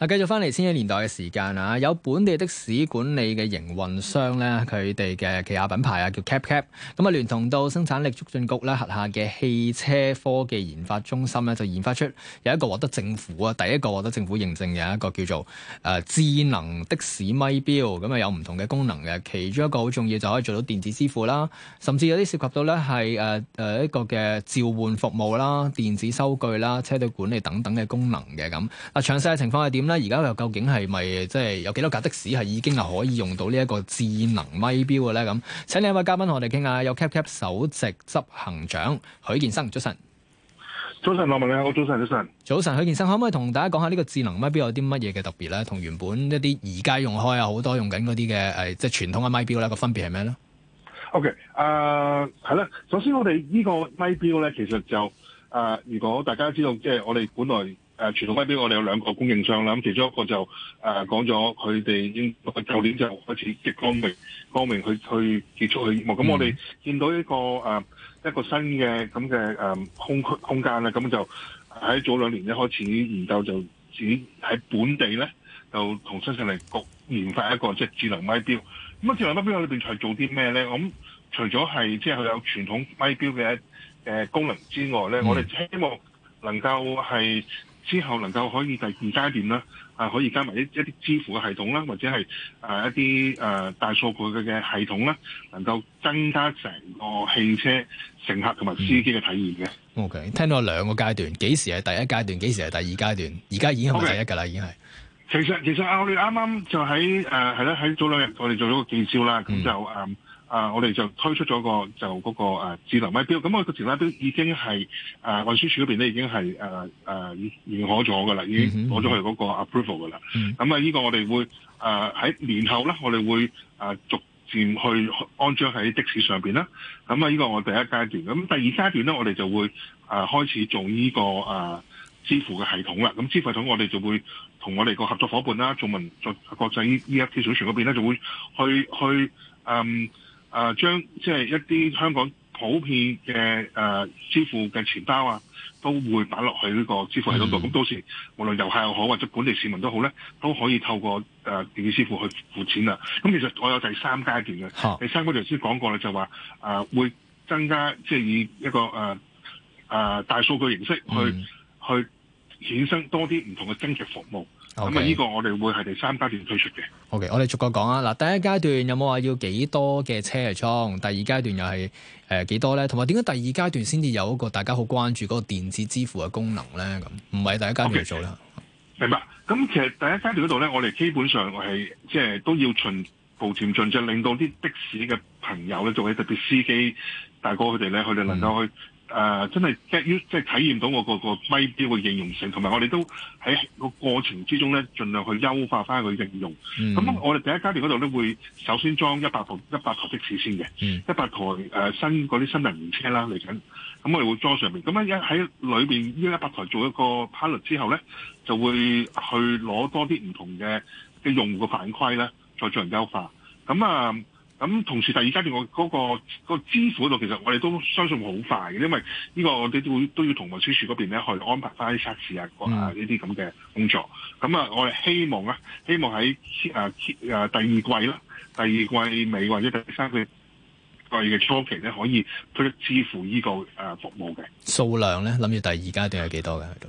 嗱，繼續翻嚟千禧年代嘅時間啊，有本地的士管理嘅營運商咧，佢哋嘅旗下品牌啊，叫 CabCab，咁啊聯同到生產力促進局咧轄下嘅汽車科技研發中心咧，就研發出有一個獲得政府啊，第一個獲得政府認證嘅一個叫做、呃、智能的士咪錶，咁啊有唔同嘅功能嘅，其中一個好重要就可以做到電子支付啦，甚至有啲涉及到咧係呃、呃、一個嘅召喚服務啦、電子收據啦、車隊管理等等嘅功能嘅咁。嗱，詳細嘅情況係點？而家又究竟係咪即係有幾多架的士係已經係可以用到呢一個智能咪錶嘅咧？咁，請另一位嘉賓同我哋傾下，有 CabCab 首席執行長許健生，早晨，早晨，羅文啊，早晨，早晨，早晨，許健生可唔可以同大家講下呢個智能咪錶有啲乜嘢嘅特別咧？同原本一啲而家用開啊，好多用緊嗰啲嘅誒，即係傳統嘅咪錶咧，個分別係咩咧？O K，誒，係啦，首先我哋呢個咪錶咧，其實就誒，uh, 如果大家知道，即係我哋本來。誒、呃、傳統咪錶我哋有兩個供應商啦，咁其中一個就誒、呃、講咗佢哋已經舊年就開始激光明光明去去結束佢業務，咁、嗯、我哋見到一個誒、呃、一個新嘅咁嘅誒空區空間啦，咁就喺早兩年一開始研究就只喺本地咧，就同新成立局研發一個即係、就是、智能咪錶。咁啊智能咪錶裏邊係做啲咩咧？咁除咗係即係佢有傳統咪錶嘅、呃、功能之外咧、嗯，我哋希望能夠係。之後能夠可以第二階段啦、啊，可以加埋一一啲支付嘅系統啦，或者係、啊、一啲、呃、大數據嘅系統啦，能夠增加成個汽車乘客同埋司機嘅體驗嘅、嗯。OK，聽到兩個階段，幾時係第一階段，幾時係第二階段？而家已經係第一㗎啦，okay. 已經係。其實其實剛剛啊，我哋啱啱就喺係啦，喺早兩日我哋做咗個記招啦，咁、嗯、就、嗯啊、呃！我哋就推出咗個就嗰、那個智能咪錶，咁我個智能咪錶已經係誒運輸署嗰邊咧已經係誒誒認可咗㗎啦，已經攞咗佢嗰個 approval 㗎啦。咁、嗯、啊，依個我哋會誒喺年後咧，我哋會誒、呃、逐漸去安裝喺的士上面啦。咁啊，依個我哋第一階段，咁第二階段咧，我哋就會誒、呃、開始做呢、這個誒、呃、支付嘅系統啦。咁支付系統我哋就會同我哋個合作伙伴啦，做民做國際依一啲小船嗰邊咧，就會去去誒。嗯誒、呃、將即係一啲香港普遍嘅誒支付嘅錢包啊，都會擺落去呢個支付系統度。咁、嗯、到時無論遊客又好或者本地市民都好咧，都可以透過誒電子支付去付錢啦。咁其實我有第三階段嘅、啊，第三階段先講過啦，就話誒、呃、會增加即係以一個誒、呃呃、大數據形式去、嗯、去衍生多啲唔同嘅增值服務。咁呢個我哋會係第三階段推出嘅。O.K. 我哋逐個講啊。嗱，第一階段有冇話要幾多嘅車嚟裝？第二階段又係誒幾多咧？同埋點解第二階段先至有一個大家好關注嗰個電子支付嘅功能咧？咁唔係第一階段、okay. 嚟做啦。明白。咁其實第一階段嗰度咧，我哋基本上係即係都要循步前進，就、令到啲的士嘅朋友咧，仲係特別司機大哥佢哋咧，佢哋能夠去。嗯誒、呃、真係即係體驗到我個個咪錶嘅應用性，同埋我哋都喺個過程之中咧，盡量去優化翻佢應用。咁、嗯、我哋第一階段嗰度咧，會首先裝一百台一百台的士先嘅，一、嗯、百台誒、呃、新嗰啲新能源車啦嚟緊。咁我哋會裝上面。咁樣一喺裏面呢，一百台做一個 pilot 之後咧，就會去攞多啲唔同嘅嘅用戶嘅反饋咧，再進行優化。咁啊～、呃咁同時，第二階段我嗰個支付嗰度，其實我哋都相信好快嘅，因為呢個我哋都都要同運輸署嗰邊咧去安排翻啲測試啊、呢啲咁嘅工作。咁啊，我哋希望咧，希望喺誒、啊、第二季啦、第二季尾或者第三季季嘅初期咧，可以推出支付呢個誒服務嘅數量咧，諗住第二階段係幾多嘅喺度？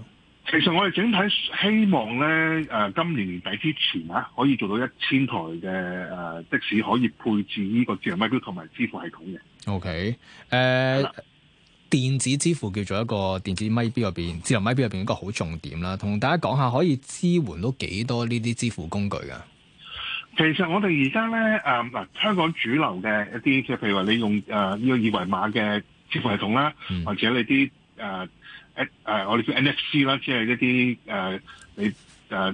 其實我哋整體希望咧，誒、呃，今年年底之前啊，可以做到一千台嘅誒的士、呃、可以配置呢個智能咪錶同埋支付系統嘅。O K，誒，電子支付叫做一個電子咪錶入邊，智能咪錶入邊應該一個好重點啦。同大家講下，可以支援到幾多呢啲支付工具噶？其實我哋而家咧，誒，嗱，香港主流嘅一啲，即係譬如話你用誒呢個二維碼嘅支付系統啦，嗯、或者你啲誒。呃 Uh，我哋叫 NFC 啦，即係一啲誒、呃，你誒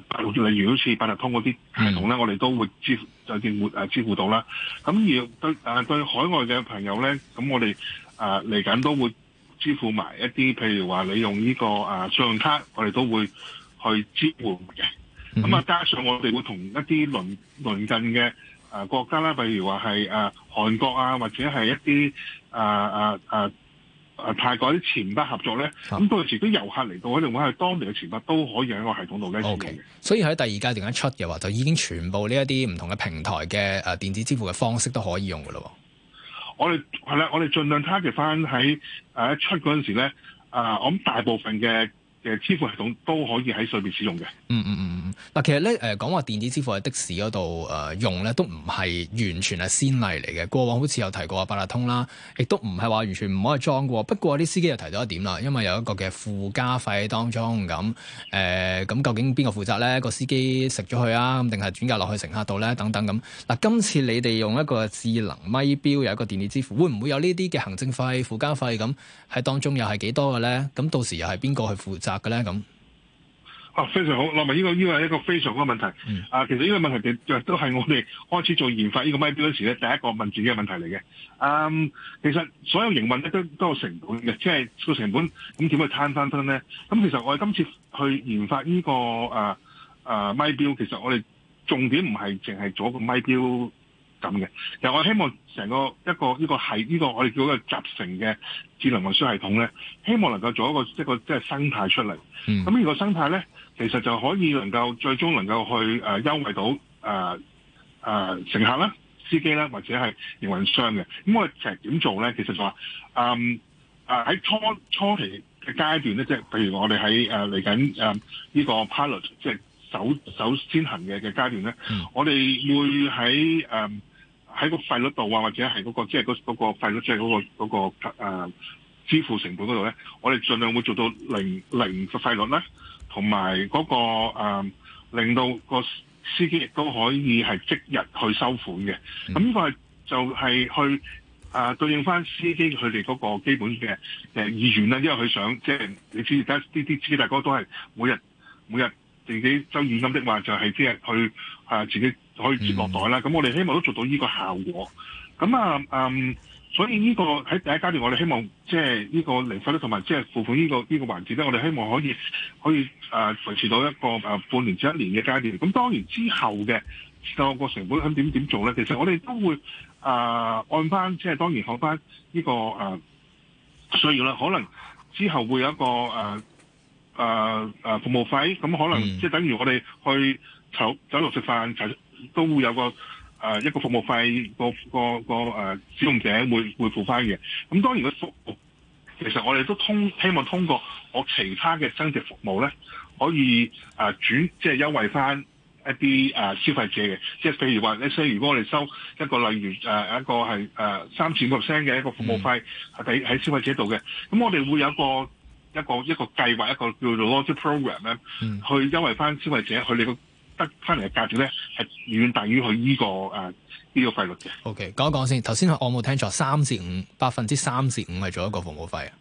例如好似八達通嗰啲系統咧，我哋都會支付在支付支付到啦。咁而對、呃、對海外嘅朋友咧，咁我哋誒嚟緊都會支付埋一啲，譬如話你用呢、這個誒信用卡，我哋都會去支援嘅。咁啊，加上我哋會同一啲鄰鄰近嘅誒、呃、國家啦，譬如話係誒韓國啊，或者係一啲誒誒誒泰國啲錢包合作咧，咁嗰陣時都遊客嚟到，我哋揾佢當地嘅錢包都可以喺個系統度咧使用，okay。所以喺第二階段一出嘅話，就已經全部呢一啲唔同嘅平台嘅誒、呃、電子支付嘅方式都可以用嘅咯。我哋係啦，我哋盡量 target 翻喺一出嗰陣時咧，誒、呃、我諗大部分嘅。嘅支付系統都可以喺上面使用嘅。嗯嗯嗯嗯，嗱、嗯，其實咧誒講話電子支付喺的士嗰度誒用咧，都唔係完全係先例嚟嘅。過往好似有提過八達通啦，亦都唔係話完全唔可以裝嘅。不過啲司機又提到一點啦，因為有一個嘅附加費當中咁誒，咁、嗯嗯嗯、究竟邊個負責咧？個司機食咗佢啊，咁定係轉嫁落去乘客度咧？等等咁。嗱、嗯，今次你哋用一個智能咪錶，有一個電子支付，會唔會有呢啲嘅行政費附加費咁喺、嗯、當中又係幾多嘅咧？咁到時又係邊個去負責？咁、啊，啊非常好，我問呢個呢個係一個非常好嘅問題，嗯。啊，其實呢個問題就都係我哋開始做研發呢個咪錶嗰時咧，第一個問自己嘅問題嚟嘅，嗯。其實所有營運咧都都有成本嘅，即係個成本咁點，嗯、去攤翻分咧？咁、嗯、其實我哋今次去研發呢，這個啊啊咪錶，其實我哋重點唔係淨係做個咪錶。咁嘅，其實我希望成個一個呢個係呢個，個，個我哋叫一個集成嘅智能運輸系統咧，希望能夠做一個即係個即係生態出嚟。咁、嗯、呢個生態咧，其實就可以能夠最終能夠去誒優惠到誒誒乘客啦、司機啦，或者係營運商嘅。咁、嗯、我哋成日點做咧？其實就話誒喺初初期嘅階段咧，即係譬如我哋喺誒嚟緊呢個 pilot，即係首首先行嘅嘅階段咧，嗯、我哋會喺誒。呃喺個費率度啊，或者係嗰、嗰個即係嗰個費率即係嗰個嗰、嗰嗰個呃、支付成本嗰度咧，我哋盡量會做到零零個費率咧，同埋嗰個、呃、令到個司機亦都可以係即日去收款嘅。咁、嗯、呢個就係去誒、呃、對應翻司機佢哋嗰個基本嘅誒意願啦，因為佢想即係、即係、你知而家啲啲司機大哥都係每日每日自己收現金的話，就係即日去誒自己。呃自己可以接落袋啦，咁、嗯、我哋希望都做到呢個效果。咁啊，嗯，所以呢、這個喺第一階段，我哋希望即係呢個零費咧，同埋即係付款呢、這個呢、這個環節咧，我哋希望可以可以誒、呃、維持到一個誒、呃、半年至一年嘅階段。咁當然之後嘅個個成本點點做咧，其實我哋都會誒、呃、按翻即係當然按翻呢、這個誒、呃、需要啦。可能之後會有一個誒誒誒服務費，咁可能、嗯、即係等於我哋去酒酒樓食飯都會有個誒、呃、一個服務費，個個個誒、呃、使用者會會付翻嘅。咁、嗯、當然個服務，其實我哋都通希望通過我其他嘅增值服務咧，可以誒轉即係優惠翻一啲誒消費者嘅。即係譬、呃、如話，你雖如果我哋收一個例如誒、呃、一個係誒三至五 percent 嘅一個服務費喺喺消費者度嘅，咁、mm. 我哋會有一個一個一個計劃一個叫做 loyalty program 咧、mm.，去優惠翻消費者佢哋個。得翻嚟嘅價值咧，係遠遠大於佢、呢、呢個誒呢、啊呢個費率嘅。O K，講一講先。頭先我冇聽錯，三至五百分之三至五係做一個服務費啊？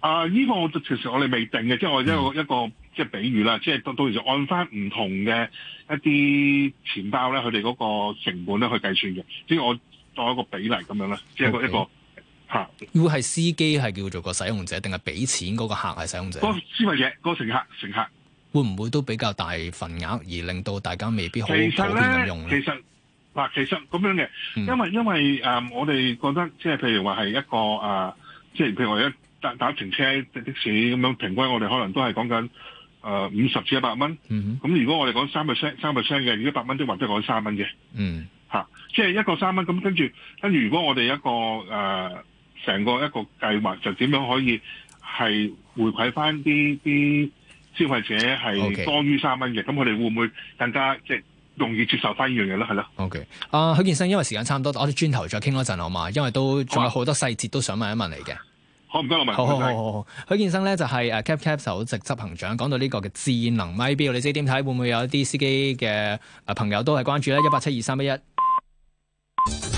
啊，呢、呢個我其實我哋未定嘅，即係我一個、嗯、一個即係比喻啦，即係到到時就按翻唔同嘅一啲錢包咧，佢哋嗰個成本咧去計算嘅。即係我作一個比例咁樣啦，即、okay、係一個一個嚇。會係司機係叫做個使用者，定係俾錢嗰個客係使用者？嗰個消費者，嗰個乘客，乘客。會唔會都比較大份額，而令到大家未必好普遍咁用咧？其實其實嗱，其實咁、啊、樣嘅、嗯，因為因為誒、呃，我哋覺得即係譬如話係一個誒、呃，即係譬如話一打打停車的士咁樣平均，我哋可能都係講緊誒五十至一百蚊。咁、呃嗯、如果我哋講三 percent 三 percent 嘅，一百蚊都或者講三蚊嘅。嗯。吓、啊，即係一個三蚊咁，跟住跟住，如果我哋一個誒成、呃、個一個計劃，就點樣可以係回饋翻啲啲？消費者係多於三蚊嘅，咁佢哋會唔會更加即係容易接受翻呢樣嘢咧？係咯。OK、呃。啊，許健生，因為時間差唔多，我哋轉頭再傾一陣好嘛？因為都仲有好多細節都想問一問你嘅。好唔該，好好好好好。許健生咧就係、是、誒 CabCab 首席執行長。講到呢個嘅智能咪錶，你哋點睇？會唔會有一啲司機嘅誒朋友都係關注咧？一八七二三一一。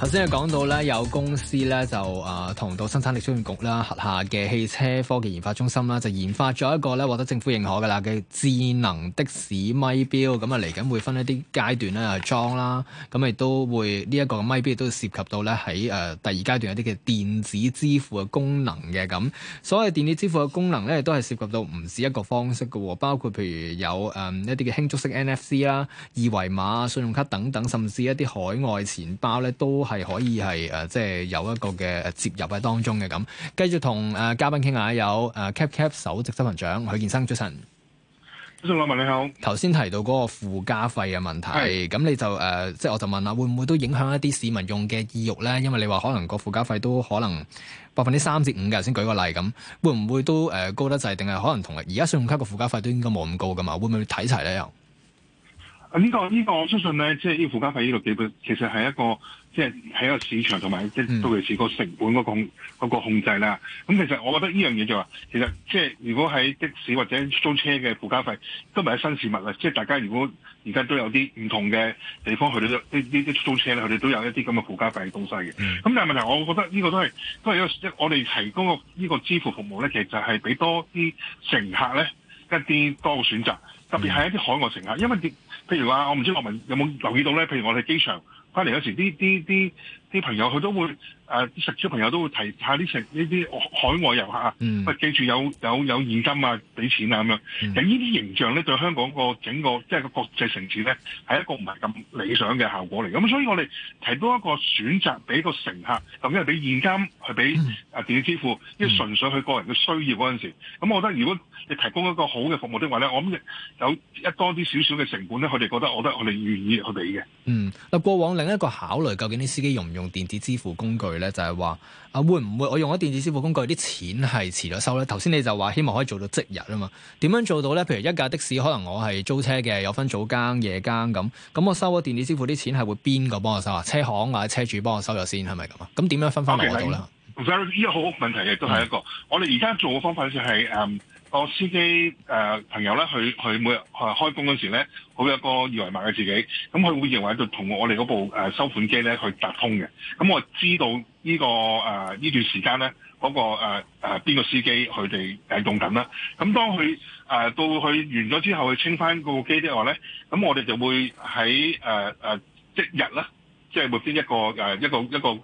頭先係講到咧，有公司咧就誒、啊、同到生產力促進局啦，轄下嘅汽車科技研發中心啦，就研發咗一個咧獲得政府認可嘅啦嘅智能的士咪錶，咁啊嚟緊會分一啲階段咧嚟裝啦，咁亦都會呢一、這個咪錶亦都涉及到咧喺誒第二階段有啲嘅電子支付嘅功能嘅咁，所謂電子支付嘅功能咧都係涉及到唔止一個方式嘅喎，包括譬如有誒、嗯、一啲嘅輕觸式 NFC 啦、二維碼、信用卡等等，甚至一啲海外錢包咧都。係可以係誒、呃，即係有一個嘅接入喺當中嘅咁。繼續同誒、呃、嘉賓傾下，有誒 CabCab、呃、首席執行長許健生早晨，老生你好。頭先提到嗰個附加費嘅問題，咁你就誒、呃，即係我就問啦，會唔會都影響一啲市民用嘅意欲咧？因為你話可能個附加費都可能百分之三至五嘅，先舉個例咁，會唔會都誒、呃、高得滯？定係可能同而家信用卡嘅附加費都應該冇咁高噶嘛？會唔會睇齊咧又？呢個呢個，這個、我相信咧，即係呢附加費呢度基本，其實係一個，即係喺一個市場同埋，即係尤其是個成本嗰、mm. 個控制啦。咁其實我覺得呢樣嘢就話、是，其實即係如果喺的士或者出租車嘅附加費，都唔係新事物啦。即係大家如果而家都有啲唔同嘅地方，佢哋都呢啲出租車咧，佢哋都有一啲咁嘅附加費嘅東西嘅。咁、mm. 但係問題是，我覺得呢個都係都係一個，我哋提供個呢個支付服務咧，其實係俾多啲乘客咧一啲多嘅選擇，特別係一啲海外乘客，因為。譬如話，我唔知樂民有冇留意到咧。譬如我哋機場翻嚟嗰時，啲啲啲啲朋友佢都會。誒、啊、食實小朋友都會提下啲食呢啲海外遊客啊、嗯，記住有有有現金啊，俾錢啊咁樣。有呢啲形象咧，對香港個整個即係個國際城市咧，係一個唔係咁理想嘅效果嚟。咁所以我哋提供一個選擇俾個乘客，究竟係俾現金去俾啊電子支付，即、嗯、純純粹佢個人嘅需要嗰陣時。咁我覺得如果你提供一個好嘅服務的話咧，我諗有一多啲少少嘅成本咧，佢哋覺得我覺得我哋願意去俾嘅。嗯，嗱過往另一個考慮，究竟啲司機用唔用電子支付工具？咧就係、是，話啊會唔會我用咗電子支付工具啲錢係遲咗收咧？頭先你就話希望可以做到即日啊嘛？點樣做到咧？譬如一架的士，可能我係租車嘅，有分早更、夜更咁，咁我收咗電子支付啲錢係會邊個幫我收啊？車行或者車主幫我收咗先係咪咁啊？咁點樣分翻嚟度咧？Very 呢，okay. 呢這個好問題亦都係一個，mm. 我哋而家做嘅方法就係、是、誒。Um, 個司機誒、呃、朋友咧，佢佢每日開工嗰時咧，好有一個二維碼嘅自己，咁佢會認為就同我哋嗰部誒收款機咧，去達通嘅。咁我知道呢、呢個誒呢、呃、段時間咧，嗰、嗰個誒誒邊個司機佢哋喺度等啦。咁當佢誒、呃、到佢完咗之後，佢清翻個機之後咧，咁我哋就會喺誒、呃呃、即日啦，即係會邊一個一個一個。呃一個一個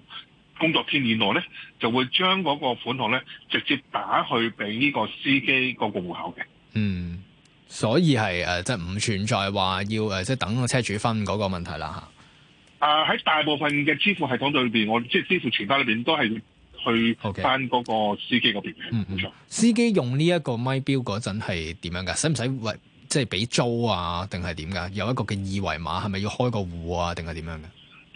工作天以內咧，就會將嗰個款項咧直接打去俾呢個司機嗰個戶口嘅。嗯，所以係誒，即係唔存在話要即、呃即係、等個車主分嗰個問題啦吓，啊、呃，喺大部分嘅支付系統度裏面，我即係支付傳發裏面都係去翻、okay. 嗰個司機嗰邊。嗯嗯，司機用呢一個咪錶嗰陣係點樣噶？使唔使即係俾租啊？定係點噶？有一個嘅二維碼係咪要開個戶啊？定係點樣嘅？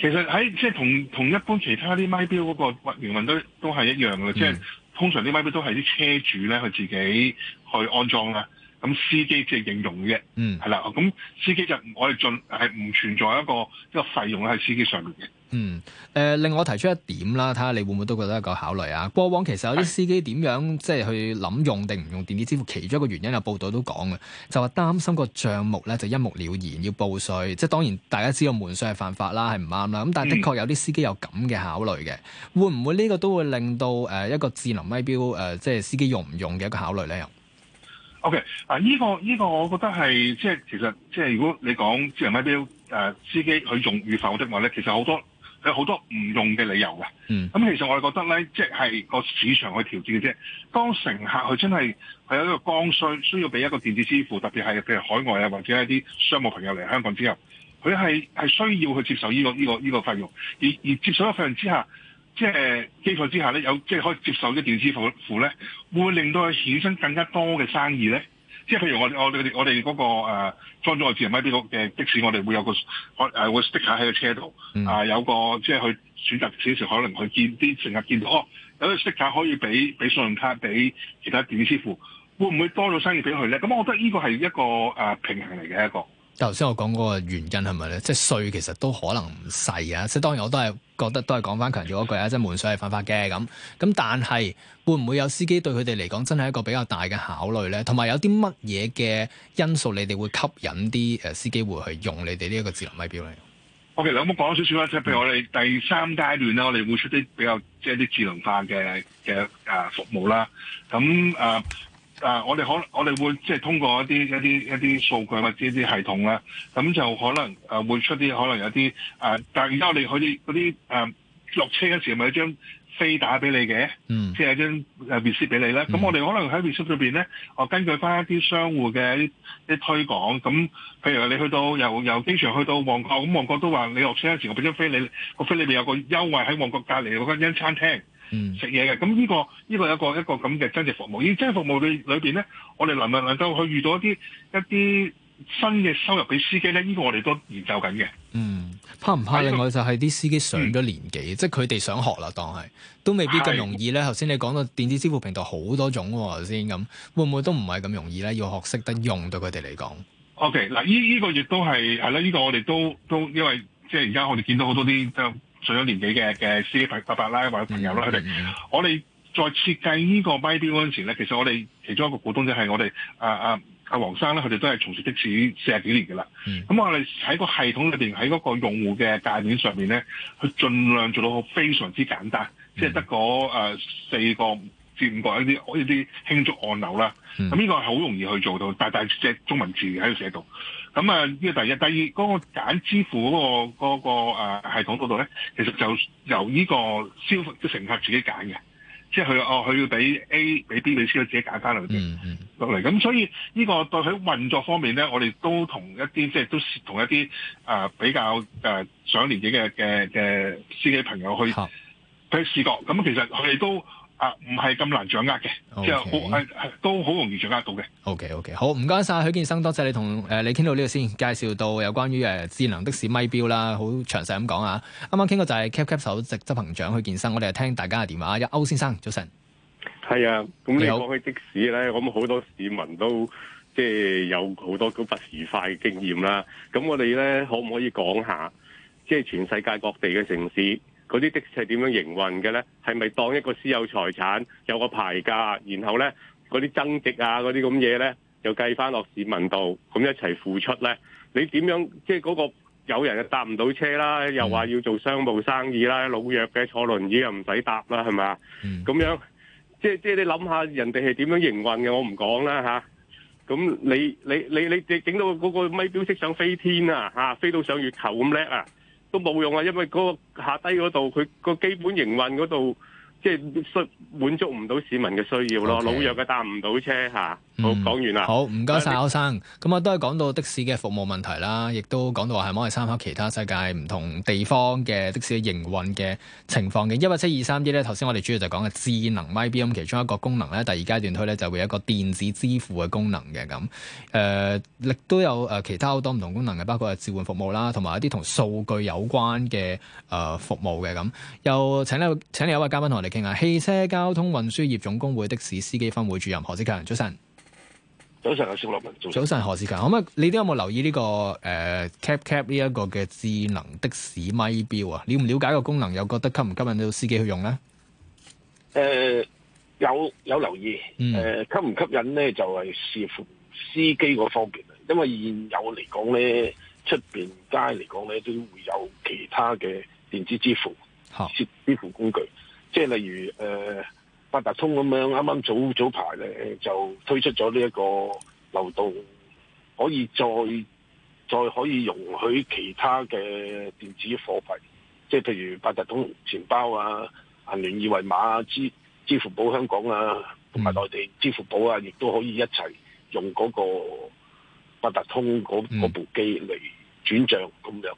其實喺即係同同一般其他啲咪錶嗰個運營都都係一樣嘅，即、嗯、係、就是、通常啲咪錶都係啲車主呢，佢自己去安裝嘅。咁司機即係應用嘅，嗯，係啦，咁司機就我哋盡係唔存在一個一個費用喺司機上面嘅。嗯，誒、呃，另外我提出一點啦，睇下你會唔會都覺得有一個考慮啊？過往其實有啲司機點樣即係去諗用定唔用電子支付？其中一個原因，有報道都講嘅，就話擔心個帳目咧就一目了然，要報稅。即係當然大家知道瞞稅係犯法啦，係唔啱啦。咁但係的確有啲司機有咁嘅考慮嘅、嗯，會唔會呢個都會令到、呃、一個智能咪錶誒，即係司機用唔用嘅一個考慮咧？O.K. 啊，依、這個依、這個我覺得係即係其實即係如果你講智能咪錶司機佢用唔用的話咧，其實好多有好多唔用嘅理由嘅。Mm. 嗯，咁其實我哋覺得咧，即係個市場去調節嘅啫。當乘客佢真係佢有一個剛需，需要俾一個電子支付，特別係譬如海外啊，或者一啲商務朋友嚟香港之後，佢係係需要去接受呢、這個呢、這個呢、這個費用，而而接受咗費用之下。即係基礎之下咧，有即係可以接受啲電子支付咧，會唔會令到佢衍生更加多嘅生意咧？即係譬如我我我哋嗰、那個誒裝咗個智能咪錶嘅的士，我哋會有個可誒會 sticker 喺個車度啊、呃，有個即係去選擇少少，可能去見啲成日見到哦，有個 sticker 可以俾俾信用卡，俾其他電子支付，會唔會多咗生意俾佢咧？咁我覺得呢個係一個平衡嚟嘅一個。呃頭先我講嗰個原因係咪咧？即係稅其實都可能唔細啊！即係當然我都係覺得都係講翻強調嗰句啊！即係瞞稅係犯法嘅咁咁，但係會唔會有司機對佢哋嚟講真係一個比較大嘅考慮咧？同埋有啲乜嘢嘅因素，你哋會吸引啲誒司機會去用你哋呢、okay, 一個智能咪錶咧？O K，你兩公講少少啦，即係譬如我哋第三階段啦，我哋會出啲比較即係啲智能化嘅嘅誒服務啦，咁誒。Uh, 啊、呃！我哋可能我哋會即係通過一啲一啲一啲數據或者一啲系統啦，咁就可能誒、呃、會出啲可能有啲誒、呃，但係而家我哋嗰啲嗰啲誒落車嗰時咪有張飛打俾你嘅，即係有張誒 receipt 俾你呢。咁、嗯、我哋可能喺 receipt 裏面咧，我、呃、根據翻一啲商戶嘅一啲推廣，咁譬如你去到由由機場去到旺角，咁、嗯、旺角都話你落車嘅時候我俾張飛你，個飛裏面有個優惠喺旺角隔離嗰間餐廳。嗯，食嘢嘅，咁呢、這個呢、這個一個一個咁嘅增值服務。呢增值服務裏面呢，咧，我哋能唔能夠去遇到一啲一啲新嘅收入俾司機咧？呢、這個我哋都研究緊嘅。嗯，怕唔怕另外就係啲司機上咗年紀，嗯、即係佢哋想學啦，當係都未必咁容易咧。頭先你講到電子支付平台好多種先、啊、咁，會唔會都唔係咁容易咧？要學識得用對佢哋嚟講。O K，嗱呢個月都係係啦，呢、這個我哋都都因為即係而家我哋見到好多啲上咗年紀嘅嘅司機伯伯啦，或者朋友啦，佢哋、嗯嗯嗯，我哋再設計呢個咪錶嗰陣時咧，其實我哋其中一個股東就係我哋阿阿阿黃生咧，佢哋都係從事的士四十幾年噶啦。咁、嗯、我哋喺個系統裏邊，喺嗰個用戶嘅界面上面咧，佢盡量做到非常之簡單，即係得嗰四個至五個一啲一啲輕觸按鈕啦。咁、嗯、呢個係好容易去做到，但係即係中文字喺度寫到。咁、嗯、啊，呢個第一、第二，嗰、那個揀支付嗰、那個嗰、那個、啊、系統嗰度咧，其實就由呢個消費者乘客自己揀嘅，即係佢哦，佢要俾 A 俾 B，俾 C 佢自己揀翻嚟，落、嗯、嚟。咁、嗯、所以呢個對佢運作方面咧，我哋都同一啲即係都同一啲誒、呃、比較誒、呃、上年紀嘅嘅嘅司機朋友去、嗯、去試過。咁、嗯、其實佢哋都。啊，唔係咁難掌握嘅，好、okay。係都好容易掌握到嘅。O K O K，好唔該晒許健生，多謝你同誒、呃、你傾到呢個先，介紹到有關於誒智能的士咪錶啦，好詳細咁講啊。啱啱傾過就係 CabCab 首席執行長許健生，我哋聽大家嘅電話，有歐先生早晨。係啊，咁你講起的士咧，咁好多市民都即係有好多都不愉快嘅經驗啦。咁我哋咧可唔可以講下，即係全世界各地嘅城市嗰啲的士係點樣營運嘅呢？係咪當一個私有財產，有個牌價，然後呢嗰啲增值啊嗰啲咁嘢呢，又計翻落市民度，咁一齊付出呢？你點樣即係嗰個有人又搭唔到車啦，又話要做商務生意啦，老弱嘅坐輪椅又唔使搭啦，係咪？咁、嗯、樣即係即你諗下人哋係點樣營運嘅，我唔講啦吓，咁你你你你整到嗰個咪標識想飛天啊嚇，飛到上月球咁叻啊！都冇用啊，因為嗰個下低嗰度，佢個基本營運嗰度，即係需滿足唔到市民嘅需要咯，okay. 老弱嘅搭唔到車，嚇、啊。好、嗯哦，講完啦。好，唔該晒歐生。咁啊，都係講到的士嘅服務問題啦，亦都講到話係可以參考其他世界唔同地方嘅的，的士嘅營運嘅情況嘅。一八七二三一呢，頭先我哋主要就講嘅智能咪錶其中一個功能咧，第二階段推咧就會有一個電子支付嘅功能嘅咁。誒、呃，亦都有其他好多唔同功能嘅，包括係召喚服務啦，同埋一啲同數據有關嘅服務嘅咁。又、呃、請你請嚟一位嘉賓同我哋傾下，汽車交通運輸業總工會的士司機分會主任何志強，早晨。早晨，許健生。早晨，早晨早晨何志強。咁啊，你都有冇留意呢、這個誒、呃、Cap Cap 呢一個嘅智能的士咪表啊？了唔了解個功能？又覺得吸唔吸引到司機去用咧？誒、呃，有有留意。誒、呃，吸唔吸引咧，就係、是、視乎司機嗰方面啦。因為現有嚟講咧，出邊街嚟講咧，都會有其他嘅電子支付，支付工具，即係例如誒。呃八達通咁樣，啱啱早早排咧就推出咗呢一個漏洞，可以再再可以容許其他嘅電子貨幣，即係譬如八達通錢包啊、銀聯二維碼啊、支支付寶香港啊，同埋內地支付寶啊，亦都可以一齊用嗰個八達通嗰、嗯、部機嚟轉帳咁樣。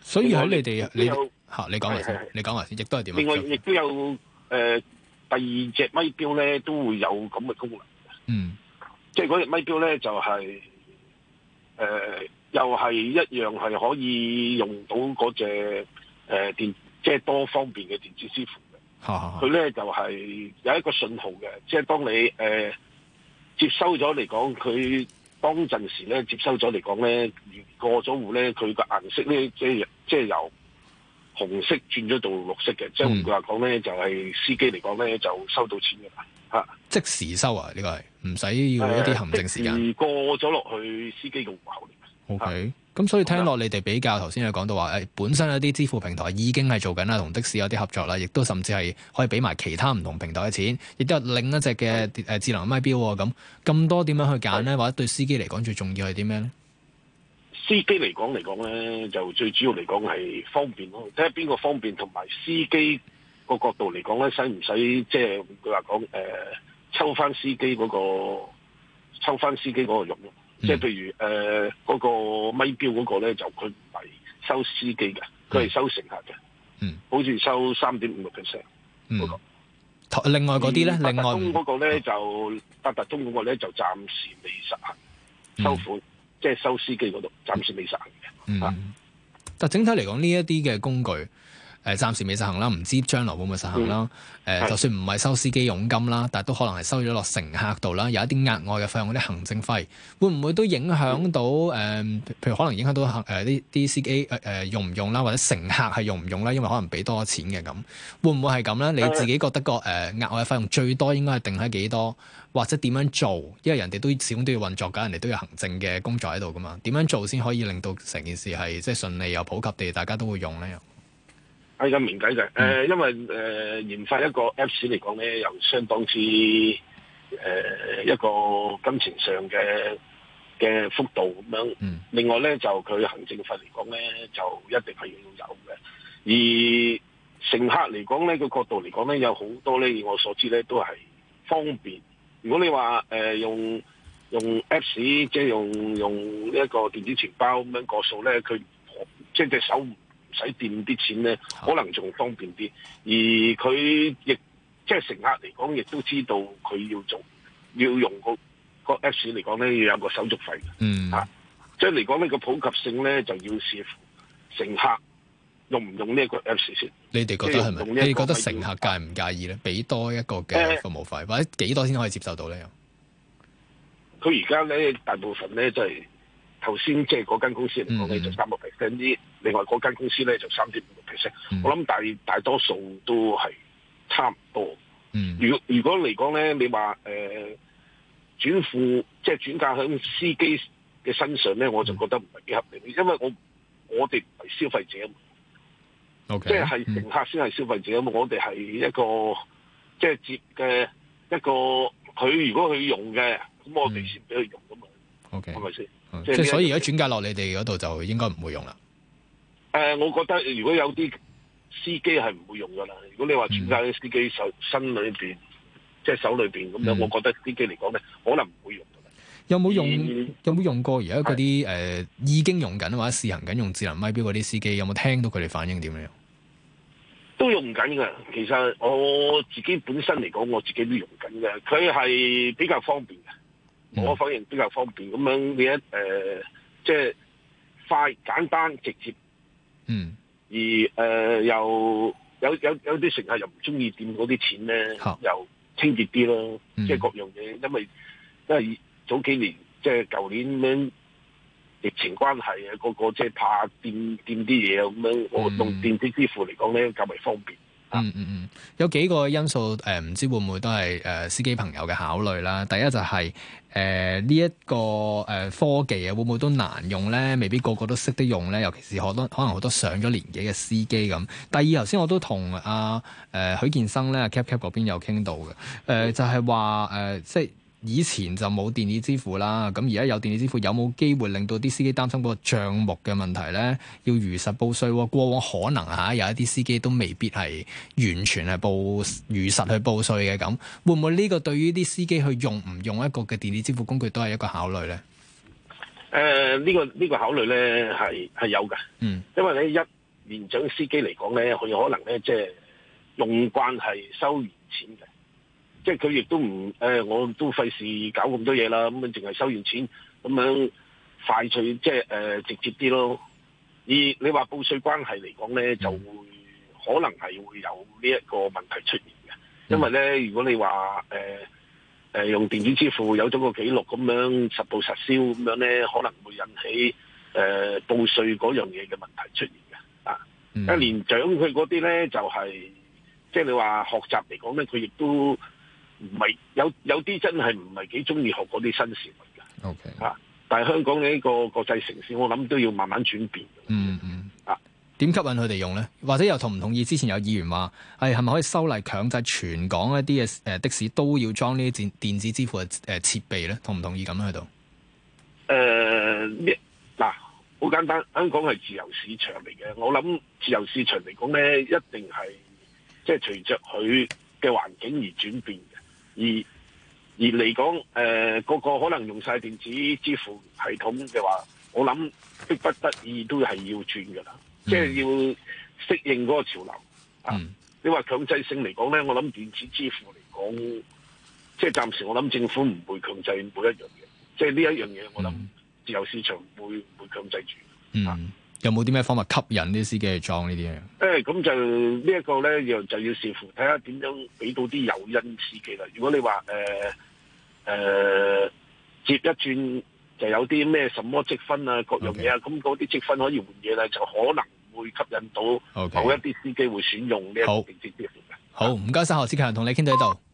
所以喺你哋你嚇，你講先，你講先，亦都係點？另外，亦、啊、都有誒。呃第二隻咪錶咧都會有咁嘅功能，嗯，即係嗰隻咪錶咧就係、是、誒、呃、又係一樣係可以用到嗰隻誒、呃、電、即係多方便嘅電子支付嘅，佢咧就係、是、有一個信號嘅，即係當你誒、呃、接收咗嚟講，佢當陣時咧接收咗嚟講咧，如過咗戶咧，佢個顏色咧即係即係由紅色轉咗做綠色嘅，即係話講咧，就係、是、司機嚟講咧，就收到錢嘅啦、啊。即時收啊？呢、這個係唔使要一啲行政時間，時過咗落去司機嘅戶口。O K.，咁所以聽落你哋比較頭先有講到話、哎，本身有啲支付平台已經係做緊啦，同的士有啲合作啦，亦都甚至係可以俾埋其他唔同平台嘅錢，亦都有另一隻嘅智能咪錶喎。咁、嗯、咁多點樣去揀咧、嗯？或者對司機嚟講最重要係啲咩咧？司機嚟講嚟講咧，就最主要嚟講係方便咯。睇下邊個方便，同埋司機個角度嚟講咧，使唔使即係佢話講誒，抽翻司機嗰、那個，抽翻司機嗰個用。咯、嗯。即係譬如誒，嗰、呃那個咪標嗰個咧，就佢唔係收司機嘅，佢係收乘客嘅。嗯，好似收三點五六 percent 個、嗯。另外嗰啲咧，另外東嗰個咧就八達、嗯、通那個咧就暫時未實行收款。嗯即係收司機嗰度，暫時未實行嘅。嗯。但整體嚟講，呢一啲嘅工具，誒、呃、暫時未實行啦，唔知將來會唔會實行啦？誒、嗯呃，就算唔係收司機佣金啦，但係都可能係收咗落乘客度啦，有一啲額外嘅費用，啲行政費，會唔會都影響到誒、嗯呃？譬如可能影響到客呢啲司機誒誒用唔用啦，或者乘客係用唔用啦？因為可能俾多錢嘅咁，會唔會係咁咧？你自己覺得個誒、呃、額外嘅費用最多應該係定喺幾多？或者點樣做？因為人哋都始終都要運作緊，人哋都有行政嘅工作喺度噶嘛。點樣做先可以令到成件事係即係順利又普及地，大家都會用咧？我而家明解嘅，誒、嗯呃，因為誒、呃、研發一個 Apps 嚟講咧，又相當之誒、呃、一個金錢上嘅嘅幅度咁樣、嗯。另外咧，就佢行政法嚟講咧，就一定係要有嘅。而乘客嚟講呢，個角度嚟講咧，有好多咧，以我所知咧都係方便。如果你話誒、呃、用用 Apps 即係用用一個電子錢包咁樣過數咧，佢即係隻手唔使掂啲錢咧，可能仲方便啲。而佢亦即係乘客嚟講，亦都知道佢要做要用嗰個 Apps 嚟講咧，要有一個手續費嘅嚇、嗯啊。即係嚟講呢個普及性咧，就要視乎乘客。用唔用呢個 Apps 先？你哋覺得係咪？你哋覺得乘客介唔介意咧？俾多一個嘅服務費、欸，或者幾多先可以接受到咧？佢而家咧，大部分咧即係頭先，即係嗰間公司嚟講咧，就三個 percent 啲，另外嗰間公司咧就三點五個 percent。我諗大大多數都係差唔多。嗯。如果如果嚟講咧，你話誒轉付，即係轉嫁響司機嘅身上咧，我就覺得唔係幾合理、嗯，因為我我哋唔係消費者。Okay，即係乘客先係消費者。嗯、我哋係一個即係接嘅一個。佢如果佢用嘅，咁我哋先俾佢用咁嘛？O K. 係咪先？即係所以而家轉嫁落你哋嗰度，就應該唔會用啦。誒、呃，我覺得如果有啲司機係唔會用噶啦。如果你話轉嫁啲司機手身裏邊、嗯，即係手裏邊咁樣，我覺得司機嚟講咧，可能唔會用、嗯。有冇用？嗯、有冇用過？而家嗰啲誒已經用緊或者試行緊用智能咪錶嗰啲司機，有冇聽到佢哋反應點樣？都用緊㗎，其實我自己本身嚟講，我自己都用緊嘅。佢係比較方便嘅、嗯，我反而比較方便咁樣一誒、呃，即係快、簡單、直接。嗯。而誒、呃、又有有有啲乘客又唔中意掂嗰啲錢咧、啊，又清潔啲咯，即係各樣嘢，因為因為早幾年即係舊年咁疫情關係啊，個個即係怕掂掂啲嘢咁樣，我用電子支付嚟講咧，較為方便。嗯嗯嗯，有幾個因素誒，唔知會唔會都係誒司機朋友嘅考慮啦。第一就係誒呢一個誒科技啊，會唔會都難用咧？未必個個都識得用咧，尤其是好多可能好多上咗年紀嘅司機咁。第二，頭先我都同阿誒許健生咧、啊、CabCab 嗰邊有傾到嘅，誒、呃、就係話誒即係。以前就冇電子支付啦，咁而家有電子支付，有冇機會令到啲司機擔心嗰個帳目嘅問題呢？要如實報稅喎，過往可能嚇有一啲司機都未必係完全係報如實去報稅嘅，咁會唔會呢個對於啲司機去用唔用一個嘅電子支付工具都係一個考慮呢？誒，呢、呃呢個呢、呢個考慮呢係係有㗎！嗯，因為你一年長司機嚟講呢，佢可能呢，即係用慣係收現錢嘅。即係佢亦都唔、呃，我都費事搞咁多嘢啦，咁樣淨係收完錢，咁樣快脆，即係、呃、直接啲咯。而你話報稅關係嚟講咧，就會可能係會有呢一個問題出現嘅，因為咧，如果你話、呃呃、用電子支付有咗個記錄咁樣實報實銷咁樣咧，可能會引起、呃、報稅嗰樣嘢嘅問題出現嘅。啊，一年獎佢嗰啲咧，就係、是、即係你話學習嚟講咧，佢亦都。唔係有有啲真係唔係幾中意學嗰啲新事物㗎。Okay 吓。啊，但係香港呢個國際城市，我諗都要慢慢轉變。嗯嗯啊，點吸引佢哋用咧？或者又同唔同意之前有議員話係係咪可以修例強制全港一啲嘅的士都要裝呢啲電子支付嘅設備咧？同唔同意咁喺度？誒、呃、嗱，好簡單，香港係自由市場嚟嘅。我諗自由市場嚟講咧，一定係即係隨着佢嘅環境而轉變嘅。而而嚟講，誒、呃、個個可能用晒電子支付系統嘅話，我諗迫不得已都係要轉噶啦，即、嗯、係、就係、要適應嗰個潮流啊！嗯、你話強制性嚟講咧，我諗電子支付嚟講，即、就、係、係、暫時我諗政府唔會強制每一樣嘢。即係呢一樣嘢我諗自由市場會、嗯、會強制住。啊、嗯。嗯有冇啲咩方法吸引啲司機去裝、欸這個、呢啲嘢？誒，咁就呢一個咧，要就要視乎睇下點樣俾到啲誘因司機啦。如果你話誒誒接一轉就有啲咩什麼積分啊各樣嘢啊，咁嗰啲積分可以換嘢咧，就可能會吸引到某一啲司機會選用呢一啲電子支付嘅。好，唔該晒，何志強，同你傾到呢度。